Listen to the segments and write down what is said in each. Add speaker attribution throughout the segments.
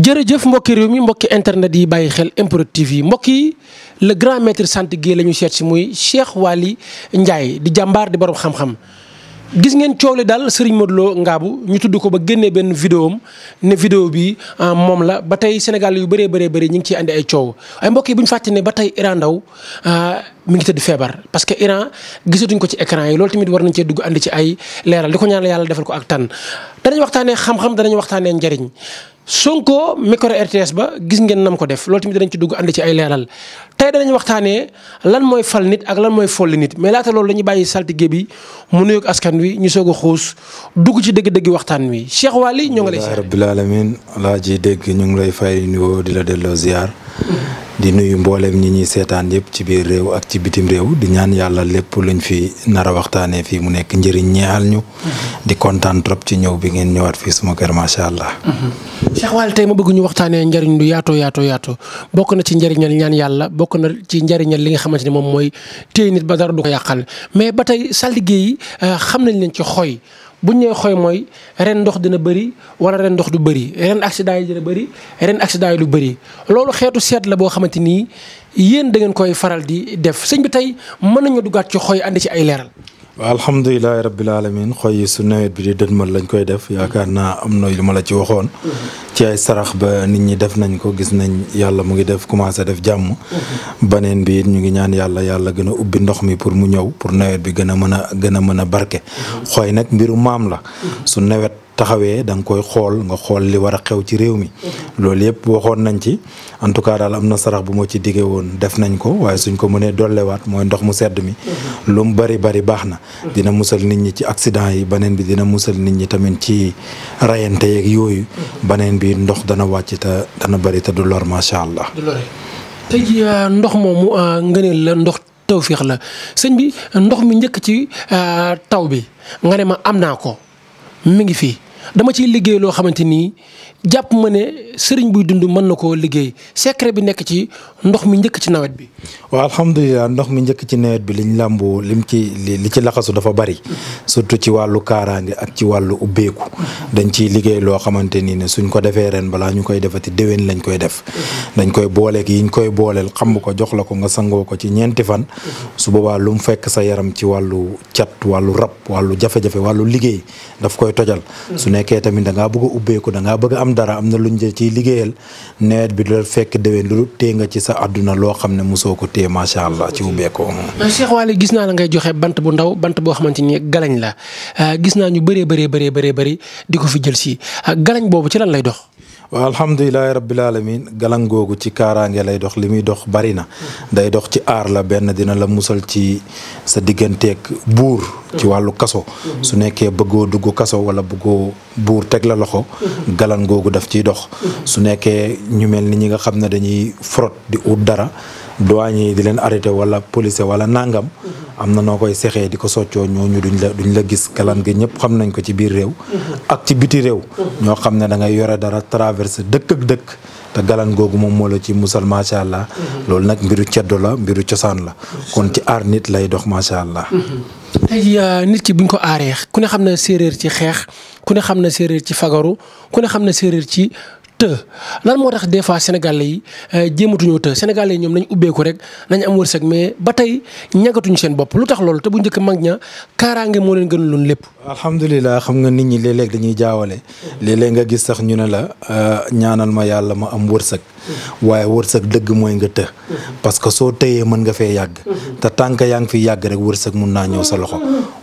Speaker 1: jërëjëf mbokki réew mi mbokki internet yi bàyyi xel MPROD yi mbokk yi le grand maître sant gi la ñu seet si muy Cheikh Waly Ndiaye di jàmbaar di borom xam-xam. gis ngeen coow li daal Serigne Modou Lo bu ñu tudd ko ba génnee benn vidéo am ne video bi ah, moom la ba tey Sénégal yu bëree bëree bëri ñu ngi ciy andi ay coow ay mbokki yi bu fàtte ne ba tey Iran Ndaw ah, mu ngi tëdd feebar. parce que Iran gisatuñ ko ci écran yi loolu tamit war nañ cee dugg andi ci ay leeral di ko ñaan yàlla defal ko ak tan danañ waxtaanee xam-xam danañ waxtaanee njariñ Sonko micro RTS ba gis ngeen nam ko def loolu tamit danañ ci dugg ànd ci ay leeral tey danañ waxtaanee lan mooy fal nit ak lan mooy folli nit mais laata loolu dañuy bàyyi saltige bi mu nuyoog askan wi ñu soog a xuus dugg ci dëgg-dëgg waxtaan wi Cheikh Waly ñoo ngi lay.
Speaker 2: rabbil alamin laa ji dégg ñu ngi lay fay nuyoo di la delloo ziar. di nuyu mboolem ñi ñuy seetaan yëpp ci biir réew ak ci bitim réew di ñaan yàlla lépp luñ fi nar a waxtaanee fii mu nekk njëriñ ñeexal ñu. Mhm. di kontaan trop ci ñëw bi ngeen ñëwaat fii suma kër macha allah.
Speaker 1: Mhm. Cheikh Waly tey ma bëgguñu waxtaanee njëriñ lu yaatoo yaato yaato bokk na ci njëriñal ñaan yàlla bokk na ci njëriñal li nga xamante ne moom mooy téye nit ba dara du ko yàqal mais ba tey saltige yi euh, xam nañ leen ci xoy bu ñu nee xooy mooy ren ndox dina bari wala ren ndox du bëri ren accident yi dina bëri ren accident yi lu bari loolu xeetu seet la boo xamante ni yéen da ngeen koy faral di def sëñ bi tey mën nañu duggaat ci xooy andi ci ay leeral.
Speaker 2: waaw alhamdulilahi rabbil alamin xoy su nawet bi di dënmal lañ koy def yaakaar naa am na lu ma la ci waxoon ci ay sarax ba nit ñi def nañ ko gis nañ yàlla mu ngi def commencé def jàmm baneen bi ñu ngi ñaan yàlla yàlla gën a ubbi ndox mi pour mu ñëw pour nawet bi gën a mën a gën a mën a barke xooy nag mbiru maam la su nawet taxawee da nga koy xool nga xool li war a xew ci réew mi. loolu yëpp waxoon nañ ci en tout cas daal am na sarax bu ma ci diggee woon def nañ ko waaye suñ ko mënee dollewaat mooy ndox mu sedd mi. lu mu bari bari baax na. dina musal nit ñi ci accident yi beneen bi dina musal nit ñi tamit ci rayante yooyu. beneen bi ndox dana wàcc te dana bari te du lor macha allah.
Speaker 1: tey euh, ndox moomu euh, ngëneel la ndox tawféex la sëñ bi ndox mi njëkk ci euh, taw bi nga ne ma am naa ko mi ngi fii. dama ciy liggéey loo xamante ni jàpp ma ne sëriñ buy dund mën na koo liggéey secret bi nekk ci ndox mi njëkk ci nawet bi. waaw alhamdulilah ndox mi njëkk ci
Speaker 2: nawet bi liñ làmbu lim ci li ci laxasu dafa bari. surtout ci wàllu kaaraange ak ci wàllu ubbeeku. dañ ciy liggéey loo xamante ni ne suñ ko defee ren balaa ñu koy defati déwén lañ koy def. dañ koy yi ñu koy booleel xam ko jox la ko nga sangoo ko ci ñeenti fan. su boobaa lu mu fekk sa yaram ci wàllu cat wàllu rab wàllu jafe-jafe liggéey daf am dara am na lu luñ jël ciy liggéeyal nawet bi du fekk déwén lu téye nga ci sa àdduna loo xam ne mosoo ko téye macha allah ci ubbeekoo.
Speaker 1: Cheikh Waly gis naa la ngay joxe bant bu ndaw bant boo xamante ni galañ la ah, gis naa ñu bëree bëree bëree bëri di ko fi jël si ah, galañ boobu ci lan lay dox.
Speaker 2: waaw alhamdulilahi rabbil alamin galan googu ci kaaraange lay dox li muy dox bari na day dox ci aar la benn dina la musal ci sa digganteeg buur ci wàllu kaso su nekkee bëggoo dugg kaso wala bëggoo buur teg la loxo galan googu daf ciy dox su nekkee ñu mel ni ñi nga xam ne dañuy frot di ut dara douaniers yi di leen arrêté wala police wala nangam. Mm-hmm. am na noo koy sexee di ko soccoo ñooñu duñ la duñ la gis kalan gi ñëpp xam nañ ko ci biir réew. Mm-hmm. ak ci biti réew. Mm-hmm. ñoo xam ne da ngay yore dara traversé dëkk ak dëkk. te galan googu moom moo la ci musal macha allah. loolu nag mbiru ceddo la mbiru cosaan la. kon ci aar nit lay dox macha allah.
Speaker 1: tey euh, nit ki buñ ko aaree ku ne xam na séeréer ci xeex ku ne xam na séeréer ci fagaru ku ne xam na séeréer ci. të lan moo tax des fois sénégalais yi euh, jéematuñoo të sénégalais yi ñoom nañ ubbeeku rek nañ am wërsëg mais ba tey ñagatuñu seen bopp lu tax loolu te bu njëkk mag ña kaaraange moo leen gën loon lépp. alhamdulilah xam nga nit
Speaker 2: ñi léeg dañuy jaawale. léeg nga gis sax ñu ne la euh, ñaanal ma yàlla ma am wërsëg. waaye wërsëg dëgg mooy nga të. parce que soo tëyee mën nga fee yàgg. te tànk yaa ngi fi yàgg rek wërsëg mun naa ñëw sa loxo.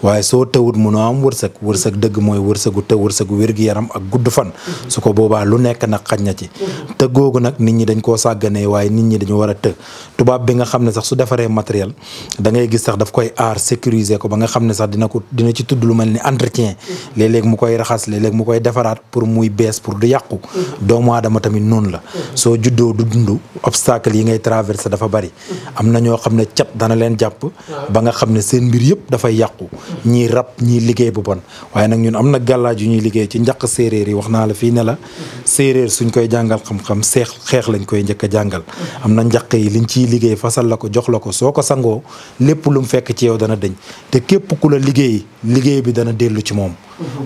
Speaker 2: waaye soo tëwut mënoo am wërsëg wërsëg dëgg mooy wërsëgu te wërsëgu wér-gi-yaram ak gudd fan mhm. su ko boobaa lu nekk nag xaj na ci mhm. te googu nag nit ñi dañ koo sàgganee waaye nit ñi dañu war a të tubaab bi nga xam ne sax su defaree matériel dangay gis sax daf koy aar sécuriser ko ba nga xam ne sax dina ko dina ci tudd lu mel ni entretien mhm. léeg mu koy raxas léeg mu koy defaraat pour muy bees pour du yàqu doomu aadama tamit noonu la soo juddoo du dund obstacle yi ngay traversé dafa bari am na ñoo xam ne cat dana leen jàpp ba nga xam ne seen mbir yëpp dafay yàqu ñii rab ñii liggéey bu bon waaye nag ñun am na gàllaaj yu ñuy liggéey ci njaq séeréer yi wax naa la fii ne la séeréer suñ koy jàngal xam-xam seex xeex lañ koy njëkk jàngal am na njaq yi liñ ciy liggéey fasal la ko jox la ko soo ko sangoo lépp lu fekk ci yow dana dëñ te képp ku la liggéey liggéey bi dana dellu ci moom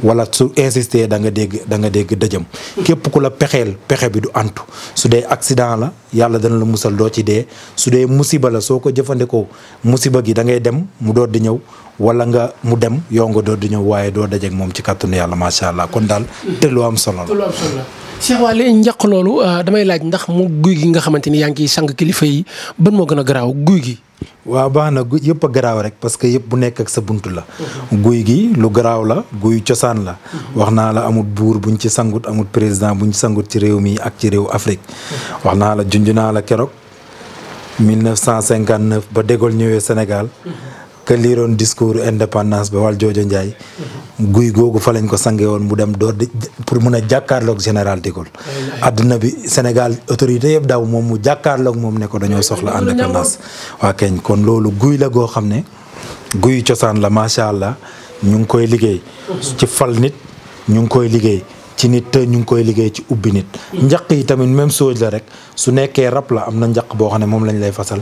Speaker 2: wala su insister da nga dégg da nga dégg dëjëm. képp ku la pexeel pexe bi du antu su dee accident la yàlla dana la musal doo ci dee su dee musiba la soo ko jëfandikoo musiba gi da ngay dem mu doot di ñëw wala nga mu dem yow nga doot di ñëw waaye doo dajeeg moom ci kàttanu yàlla macha allah kon daal. te lu am solo la
Speaker 1: Cheikh Waly njaq loolu ah, damay laaj ndax mu guy gi nga xamante ni yaa ngi ciy sang kilifa yi ban moo gën a garaaw guy gi waaw baax na yëpp
Speaker 2: a garaaw rek parce que yëpp bu nekk ak sa bunt la guy gi lu garaaw la guy cosaan la wax naa la amut buur buñ ci sangut amul président buñ ci sangut ci réew mii ak ci réew Afrique wax naa la junj naa la keroog 1959 ba Dégol ñëwee Sénégal que liiroon discours indépendance ba wal joojo Ndiaye guy googu fa lañ ko sange woon mu dem doo di pour mun a jàkkaarloog général de Gaulle adduna bi Sénégal autorité yëpp daaw moom mu jàkkaarloog moom ne ko dañoo soxla indépendance waa keñ kon loolu guy la goo xam ne guy cosaan la macha allah ñu ngi koy liggéey ci fal nit ñu ngi koy liggéey ci nit te ñu ngi koy liggéey ci ubbi nit njaq yi tamit même chose la rek su nekkee rab la am na njaq boo xam ne moom lañ lay fasal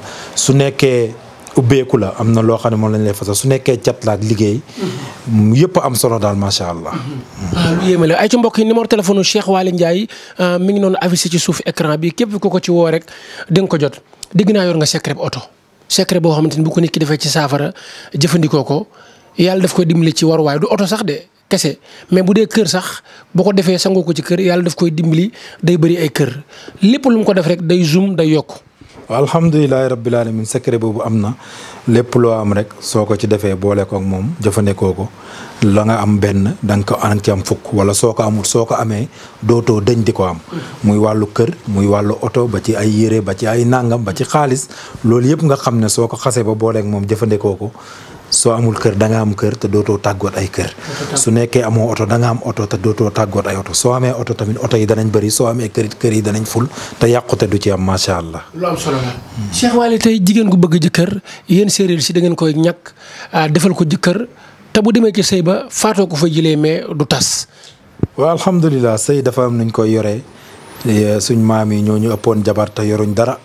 Speaker 2: ubbeeku la am na loo xam ne moom lañ lay fasal su nekkee cat la ak liggéey. yëpp am solo daal macha allah. waaw
Speaker 1: ah, lu yéeme la ay ci mbokk yi numéro téléphone Cheikh Waly Ndiaye ah, mi ngi noonu affiché ci suuf écran bi képp ku ko ci woo rek di ko jot dégg naa yor nga secret bu oto. secret boo xamante ni bu ko nit ki defee ci saafara jëfandikoo ko yàlla daf koy dimbali ci waruwaay du oto sax de kese mais bu dee kër sax boo ko defee sangoo ko ci kër yàlla daf koy dimbali day bëri ay kër lépp lu ko def rek day zoom day yokk.
Speaker 2: waaw alhamdulilahi rabbil alamin secret boobu am na lépp loo am rek soo ko ci defee boole ko moom jëfandikoo ko la nga am benn da nga ko am fukk wala soo ko amul soo ko amee dootoo dëñ di ko am muy wàllu kër muy wàllu oto ba ci ay yére ba ci ay nàngam ba ci xaalis loolu yëpp nga xam ne soo ko xasee ba booleek moom jëfandikoo ko soo amul kër danga am kër te dootoo tàggoot ay kër su nekkee amoo oto da nga am oto te dootoo tàggoot ay oto soo amee oto tamit oto yi danañ bëri soo amee kër kër yi danañ ful te yàqute du ci am macha allah.
Speaker 1: lu hmm. Cheikh Waly tey jigéen ko bëgg jëkkër yéen séeréer si da ngeen koy ñàkk ah, defal ko jëkkër te bu demee ci sëy ba faatoo ko fa jëlee mais du tas.
Speaker 2: waaw alhamdulilah sëy dafa am nuñ koy yoree. Eh, suñ maam yi ñoo ñu ëppoon jabar te yoruñ dara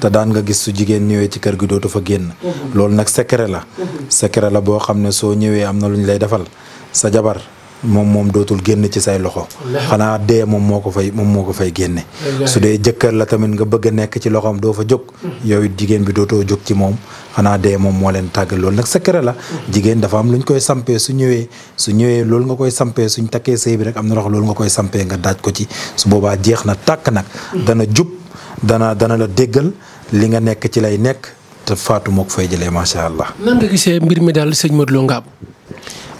Speaker 2: te daan nga gis su jigéen ñëwee ci kër gi dootu fa génn loolu nag secret la secret la boo xam ne soo ñëwee am na lu ñu lay defal sa jabar moom moom dootul génn ci say loxo xanaa dee moom moo ko fay moom moo ko fay génne su dee jëkkër la tamit nga bëgg a nekk ci loxoom doo fa jóg mm. yow jigéen bi dootoo jóg ci moom xanaa dee moom moo leen tàgg loolu nag secret la mm. jigéen dafa am lu ñu koy sampee su ñëwee su ñëwee loolu nga koy sampee suñ takkee sëy bi rek am na loxo loolu nga koy sampee nga daaj ko ci su boobaa jeex na tàkk nag mm. dana jub dana dana la déggal li nga nekk ci lay nekk te faatu moo ko fay jëlee macha allah.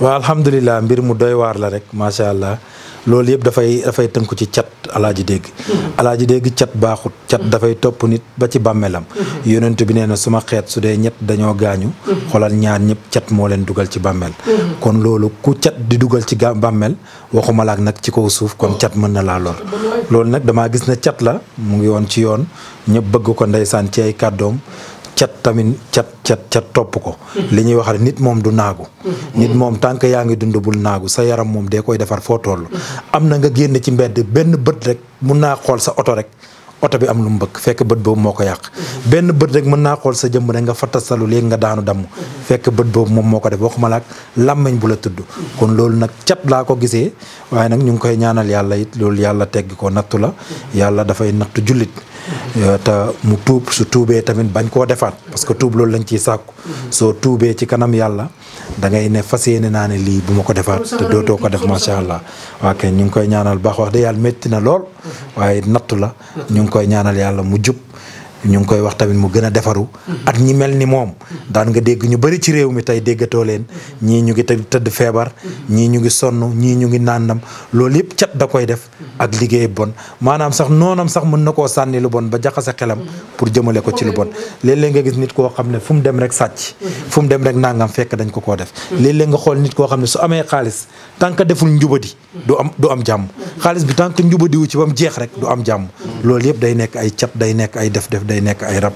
Speaker 2: waa alhamdulilah mbir mu doy waar la rek macha allah loolu yëpp dafay dafay tënku ci cat alaaji dégg alaaji dégg cat baaxut cat dafay topp nit ba ci bàmmeelam yonent bi nee na suma xeet su dee ñett dañoo gaañu xoolal ñaar ñëpp cat moo leen dugal ci bàmmeel kon loolu ku cat di dugal ci bàmmeel waxuma laak nag ci kaw suuf kon cat mën na laa lor loolu nag damaa gis ne cat la mu ngi woon ci yoon ñëpp bëgg ko ndeysaan ci ay kàddoom cat tamit cat cat cat topp ko mhm. li ñuy wax rek nit moom du naagu mhm. nit moom tànk yaa ngi dund bul naagu sa yaram moom dee koy defar foo toll mhm. am na nga génn ci mbedd benn bët rek mun naa xool sa oto rek oto bi am lu mu bëgg fekk bët boobu moo ko yàq benn bët rek mën naa xool sa jëmm rek nga fattasalu léegi nga daanu damm fekk bët boobu moom moo ko def waxuma laak làmmiñ bu la tudd kon loolu nag cat laa ko gisee waaye nag ñu ngi koy ñaanal yàlla it loolu yàlla tegg ko nattu la yàlla dafay nattu jullit Euh, te mu tuub su tuubee tamit bañ koo defaat parce que tuub loolu lañ ciy sàkku soo tuubee ci kanam yàlla da ngay ne fas yéene naa ne lii bu ma ko defaat te dootoo ko def macha allah waa kay ñu ngi koy ñaanal baax wax de yàlla métti na lool waaye nattu la ñu ngi koy ñaanal yàlla mu jub ñu ngi koy wax tamit mu gën a defaru ak ñi mel ni moom daan nga dégg ñu bëri ci réew mi tey déggatoo leen ñii ñu ngi tëdd feebar ñii ñu ngi sonn ñii ñu ngi nàndam loolu yëpp cat da koy def ak liggéey bon maanaam sax noonam sax mën na koo sànni lu bon ba jaxase xelam pour jëmale ko ci lu bon léeg nga gis nit koo xam ne fu mu dem rek sàcc fu mu dem rek nangam fekk dañ ko koo def léeg nga xool nit koo xam ne su amee xaalis tant que deful njubadi du am du am jàmm xaalis bi tant que njubadiwu ci ba mu jeex rek du am jàmm loolu yëpp day nekk ay cat day nekk ay def def day nekk ay rab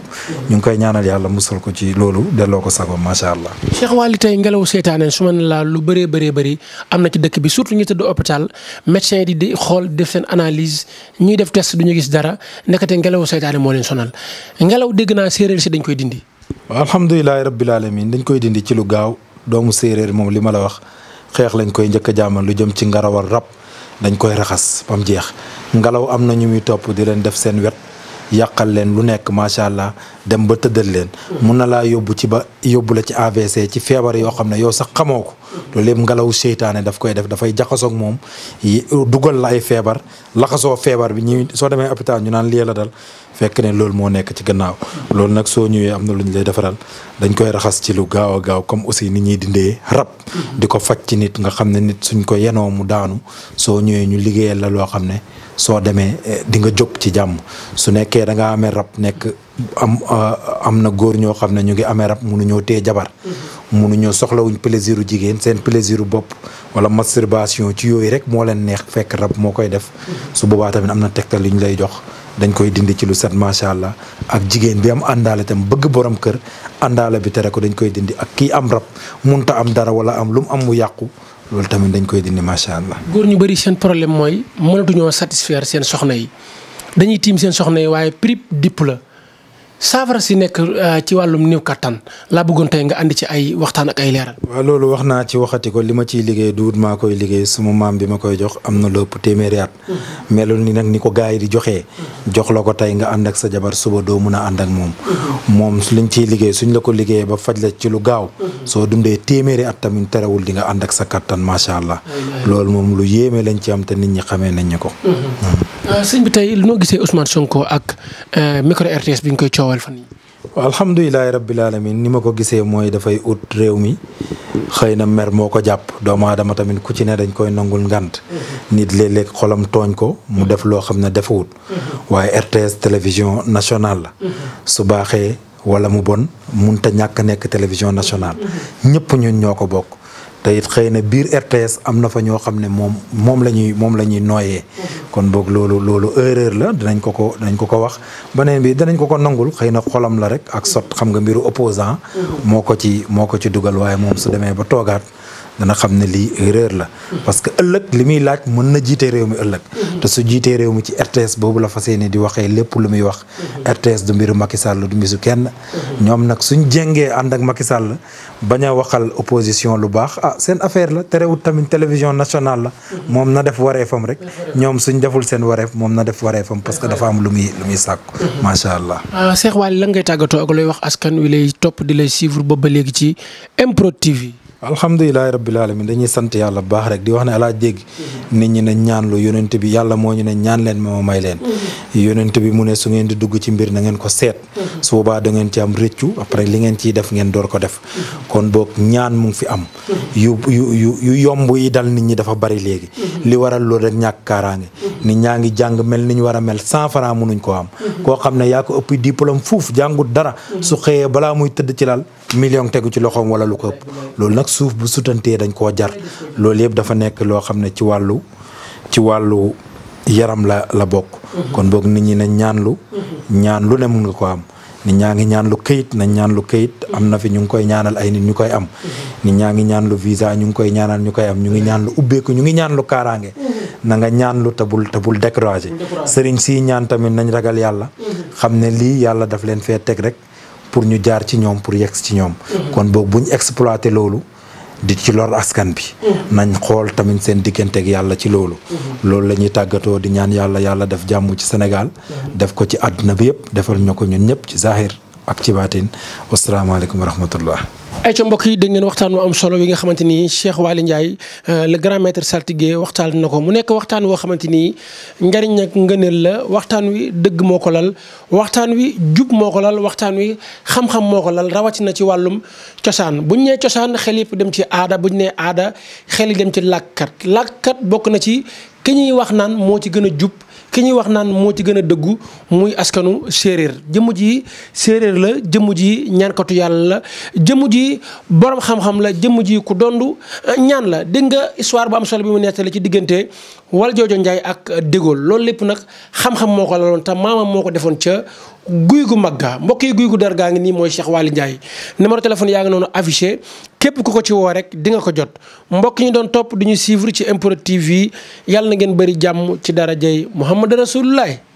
Speaker 2: ñu ngi koy ñaanal yàlla musal ko ci loolu delloo ko sago macha
Speaker 1: allah. Cheikh Waly tey ngelaw seetaane su ma laa lu bëree bëree bëri am na ci dëkk bi surtout ñu tëdd hôpital médecin yi di xool def seen analyse ñuy def test du ñu gis dara nekkate ngelaw seetaane moo leen sonal ngelaw dégg naa séeréer si dañ koy dindi. alhamdulilah rabbil alamin dañ
Speaker 2: koy dindi ci lu gaaw doomu séeréer moom li ma la wax xeex lañ koy njëkk a jaamal lu jëm ci ngarawal rab dañ koy raxas ba jeex ngelaw am na ñu muy topp di leen def seen wet. yàqal leen lu nekk macha allah dem ba tëddal leen. mun na laa yóbbu ci ba yóbbu la ci AVC ci feebar yoo xam ne yow sax xamoo ko. loolu lépp ngelaw seytaane daf koy def dafay jaxasoo ak moom dugal la ay feebar laxasoo feebar bi ñuy soo demee hôpital ñu naan lii la dal fekk ne loolu moo nekk ci gannaaw. loolu nag soo ñëwee am na lu ñu lay defaral dañ koy raxas ci lu gaaw a gaaw comme aussi ni ñuy dindee rab. di ko faj ci nit nga xam ne nit suñ ko yenoo mu daanu soo ñëwee ñu liggéeyal la loo xam ne. soo demee eh, di nga jóg ci jàmm su nekkee da nga amee rab nekk am eh, am na góor ñoo xam ne ñu ngi amee rab mënuñoo téye jabar mënuñoo mm-hmm. soxlawuñ plaisir u jigéen seen plaisir u bopp wala masturbation ci yooyu rek moo leen neex fekk rab moo koy def mm-hmm. su boobaa tamit am na tegtal li ñu lay jox dañ koy dindi ci lu set macha allah ak jigéen bi am àndaale tam bëgg borom kër àndaale bi tere ko dañ koy dindi ak kii am rab munta am dara wala am lu am mu yàqu loolu tamit dañ koy dindi macha allah.
Speaker 1: góor ñu bëri seen problème mooy mënatuñoo satisfaire seen soxna yi dañuy tiim seen soxna yi waaye prip dipp la. saafara si nekk euh, ci wàllum néew kattan laa bëggoon tey nga andi ci ay waxtaan ak ay leeral.
Speaker 2: waaw loolu wax naa ci waxati ko li ma ciy liggéey duut maa koy liggéey suma maam bi ma koy jox am na lépp téeméeri at. Mhm. melul ni nag ni ko gars yi di joxee. Mhm. jox la ko tey nga ànd ak sa jabar suba doo mën a ànd ak moom. Mhm. moom liñ ciy liggéey suñ la ko liggéeyee ba faj la ci lu gaaw. soo dundee téeméeri at tamit terewul di nga ànd ak sa kattan macha allah. loolu moom lu yéeme lañ ci am te nit ñi xamee nañ ñu ko.
Speaker 1: Euh, sëñ bi tey noo gisee Ousmane Sonko ak euh, micro RTS bi koy coowee taxawal fan yi
Speaker 2: waaw alhamdulilahi rabbil alamin ni ma ko gisee mooy dafay ut réew mi xëy na mer moo ko jàpp doomu aadama tamit ku ci ne dañ koy nangul ngant nit léeg-léeg xolam tooñ ko mu def loo xam ne defawut waaye RTS télévision nationale la su baaxee wala mu bon munta ñàkk nekk télévision nationale ñëpp ñun ñoo ko bokk te it xëy na biir RTS am na fa ñoo xam ne moom moom la ñuy moom la ñuy nooyee kon boog loolu loolu erreur la danañ ko ko danañ ko ko wax beneen bi danañ ko ko nangul xëy na xolam la rek ak sot xam nga mbiru opposant mhm. moo ko ci moo ko ci dugal waaye moom su demee ba toogaat dana xam ne lii erreur la parce que ëllëg li muy laaj mën na jiite réew mi ëllëg te su jiitee réew mi ci RTS boobu la fa yéene di waxee lépp lu muy wax RTS du mbiru Macky Sall du mbisu ñoom nag suñ jengee ànd ak Macky Sall bañ a waxal opposition lu baax ah seen affaire la terewut tamit télévision national la moom na def waree wareefam rek ñoom suñ deful seen wareef moom na def wareefam parce que dafa am lu muy lu muy sàkku macha allah
Speaker 1: ah, Cheikh Waly lan ngay tàggatoo ak looy wax askan wi lay topp di lay suivre ba ba léegi ci MPROD TV alhamdulilahi rabbil alamin dañuy sant yàlla bu baax rek di wax ne alaa jeg
Speaker 2: nit ñi ne ñaan lu yonent bi yàlla moo ñu ne ñaan leen moo may leen yonent bi mu ne su ngeen di dugg ci mbir na ngeen ko seet su boobaa da ngeen ci am rëccu après li ngeen ciy def ngeen door ko def kon boog ñaan mu fi am yu yu yu yomb yi dal nit ñi dafa bari léegi li waral loolu rek ñàkk nit ñaa ngi jàng mel ni ñu war a mel cent franc mënuñ koo am koo xam ne yaa ko ëpp diplôme fuuf jàngut dara su xëyee balaa muy tëdd ci lal million tegu ci loxoom wala lu ko ëpp loolu nag suuf bu sutantee dañ koo jar loolu yëpp dafa nekk loo xam ne ci wàllu ci wàllu yaram la la bokk. kon boog nit ñi ne ñaan lu. ñaan lu ne mun nga ko am. nit ñaa ngi ñaan lu këyit nañ ñaan lu am na fi ñu ngi koy ñaanal ay nit ñu koy am. nit ñaa ngi ñaan lu visa ñu ngi koy ñaanal ñu koy am ñu ngi ñaan lu ubbeeku ñu ngi ñaan lu kaaraange. na nga ñaan lu tabul tabul découragé. sëriñ si ñaan tamit nañ ragal yàlla. xam ne lii yàlla daf leen fee teg rek. pour ñu jaar ci ñoom pour yegg ci ñoom. Mhm. kon boog bu ñu exploité loolu. di ci lor askan bi. Mhm. nañ xool tamit seen digganteeg yàlla ci loolu. Mhm. loolu la ñuy tàggatoo di ñaan yàlla yàlla def jàmm ci Sénégal. def ko ci àdduna bi yëpp defal ñu ko ñun ñëpp ci zahir ak ci baatin wasalaamaaleykum wa rahmatullah
Speaker 1: ay ca mbokk yi dégg ngeen waxtaan wu am solo wi nga xamante ni Cheikh Waly Ndiaye euh, le grand maître saltigué waxtaan na ko mu nekk waxtaan woo xamante ni njariñ ak ngëneel la waxtaan wi dëgg moo ko lal waxtaan wi jub moo ko lal waxtaan wi xam-xam moo ko lal rawatina ci wàllum cosaan bu ñu nee cosaan xel yëpp dem ci aada bu ñu nee aada xel yi dem ci làkkat làkkat bokk na ci ki ñuy wax naan moo ci gën a jub ki ñuy wax naan moo ci gën a dëggu muy askanu séeréer jëmm ji séeréer la jëmm ji ñaankatu yàlla la jëmm ji borom xam-xam la jëmm ji ku dondu eh, ñaan la dégg nga histoire bu am solo bi mu nettali ci diggante Valdiodio njaay ak De Gaulle loolu lépp nag xam-xam moo ko laloon te maamam moo ko defoon ca guy gu mag ga mbokk yi guy gu dar gaa ngi nii mooy Cheikh Waly Ndiaye numéro téléphone yaa ngi noonu affiché képp ku ko ci woo rek dinga ko jot mbokk ñu doon topp duñu ñu ci MPROD TV yàlla na ngeen bëri jàmm ci darajay Muhammad Rasulullah